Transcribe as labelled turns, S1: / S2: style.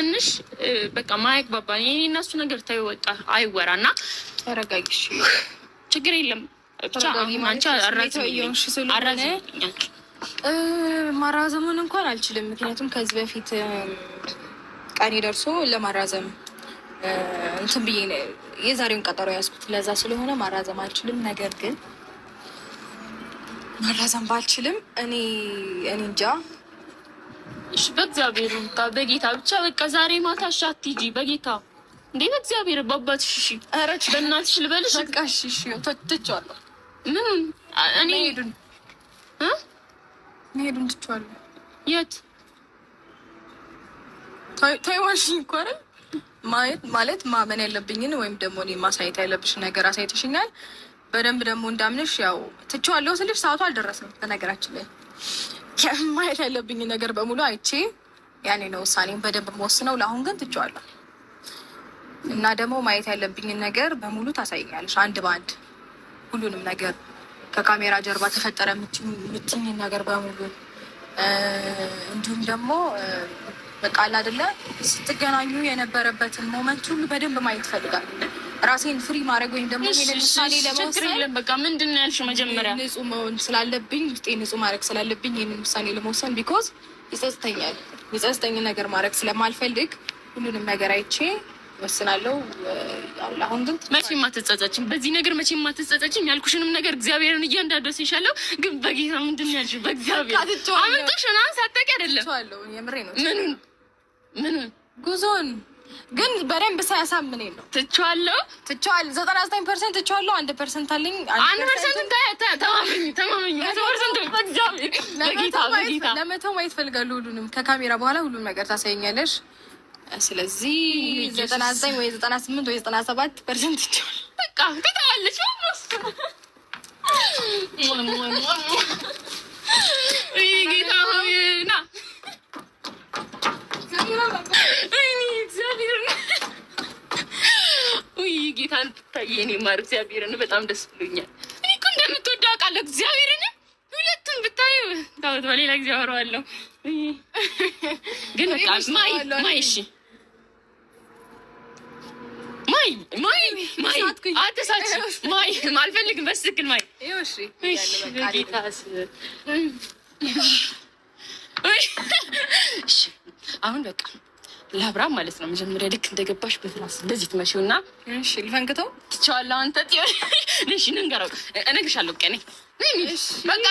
S1: ትንሽ በቃ ማያግባባ እኔ እነሱ ነገር ተይው በቃ አይወራ እና ተረጋጊሽ፣ ችግር የለም
S2: ማራዘሙን እንኳን አልችልም፣ ምክንያቱም ከዚህ በፊት ቀን ደርሶ ለማራዘም እንትን ብዬ የዛሬውን ቀጠሮ ያዝኩት ለዛ ስለሆነ ማራዘም አልችልም። ነገር ግን ማራዘም ባልችልም እኔ እኔ እንጃ
S1: እሺ በእግዚአብሔር ሩታ በጌታ ብቻ በቃ ዛሬ ማታ እሺ አትሂጂ በጌታ እንዴ በእግዚአብሔር በአባትሽ እሺ
S2: አረች በእናትሽ ልበልሽ
S1: በቃ እሺ እሺ ትቼዋለሁ ምኑን እኔ ሄዱን እ
S2: መሄዱን ትቼዋለሁ የት ታይዋንሽኝ እኮ አይደል ማየት ማለት ማመን ያለብኝን ወይም ደግሞ እኔ ማሳየት ያለብሽ ነገር አሳይተሽኛል በደንብ ደግሞ እንዳምንሽ ያው ትቼዋለሁ ስልሽ ሰዓቱ አልደረሰም በነገራችን ላይ ማየት ያለብኝ ነገር በሙሉ አይቼ ያኔ ነው ውሳኔን በደንብ መወስነው። ለአሁን ግን ትቼዋለሁ እና ደግሞ ማየት ያለብኝን ነገር በሙሉ ታሳይኛለሽ፣ አንድ በአንድ ሁሉንም ነገር ከካሜራ ጀርባ ተፈጠረ የምትኝ ነገር በሙሉ እንዲሁም ደግሞ በቃል አደለ ስትገናኙ የነበረበትን ሞመንት ሁሉ በደንብ ማየት ይፈልጋል። ራሴን ፍሪ ማድረግ ወይም ደግሞ ለምሳሌ ለመወሰን
S1: በቃ ምንድን ነው ያልሽው መጀመሪያ
S2: ንጹህ መሆን ስላለብኝ ውስጤ ንጹህ ማድረግ ስላለብኝ ይህንን ውሳኔ ለመወሰን ቢኮዝ ይጸጽተኛል። የሚጸጽተኝን ነገር ማድረግ ስለማልፈልግ ሁሉንም ነገር አይቼ ወስናለሁ። አሁን ግን
S1: መቼም አትጸጸችም፣ በዚህ ነገር መቼም አትጸጸችም። ያልኩሽንም ነገር እግዚአብሔርን እያንዳንዱ ስንሻለው ግን በጌታ ምንድን ነው ያልሽው? በእግዚአብሔር አምንቶሽ ምናምን ሳታውቂ አይደለም ምኑን ምኑን
S2: ጉዞን ግን በደንብ ሳያሳምን ነው።
S1: ትቼዋለሁ፣
S2: ትቼዋለሁ፣ ዘጠና ዘጠኝ ፐርሰንት ትቼዋለሁ። አንድ ፐርሰንት አለኝ።
S1: አንድ ፐርሰንት ተማመኝ፣ ማየት ፈልጋለሁ። ሁሉንም ከካሜራ በኋላ ሁሉም ነገር ታሳየኛለሽ። ስለዚህ ዘጠና ዘጠኝ ወይ ዘጠና ስምንት ወይ ዘጠና ሰባት ፐርሰንት ትቼዋለሁ። በቃ ትተዋለች። እንዴት አንታየ እኔ ማር እግዚአብሔርን በጣም ደስ ብሎኛል። እኔ እኮ እንደምትወደ አውቃለሁ። እግዚአብሔርን ሁለቱም ብታዩ ታወት በሌላ ጊዜ አወራዋለሁ። ግን በቃ ማይ ማይ እሺ ማይ ማይ ማይ አትሳች ማይ አልፈልግም። በስክል ማይ አሁን በቃ ለአብራ ማለት ነው። መጀመሪያ ልክ እንደገባሽ በፍራስ እንደዚህ ትመጪው እና ልፈንክተው ትቸዋለሁ አንተ ሆን ሽንን ንንገረው እነግርሻለሁ ቀኔ በቃ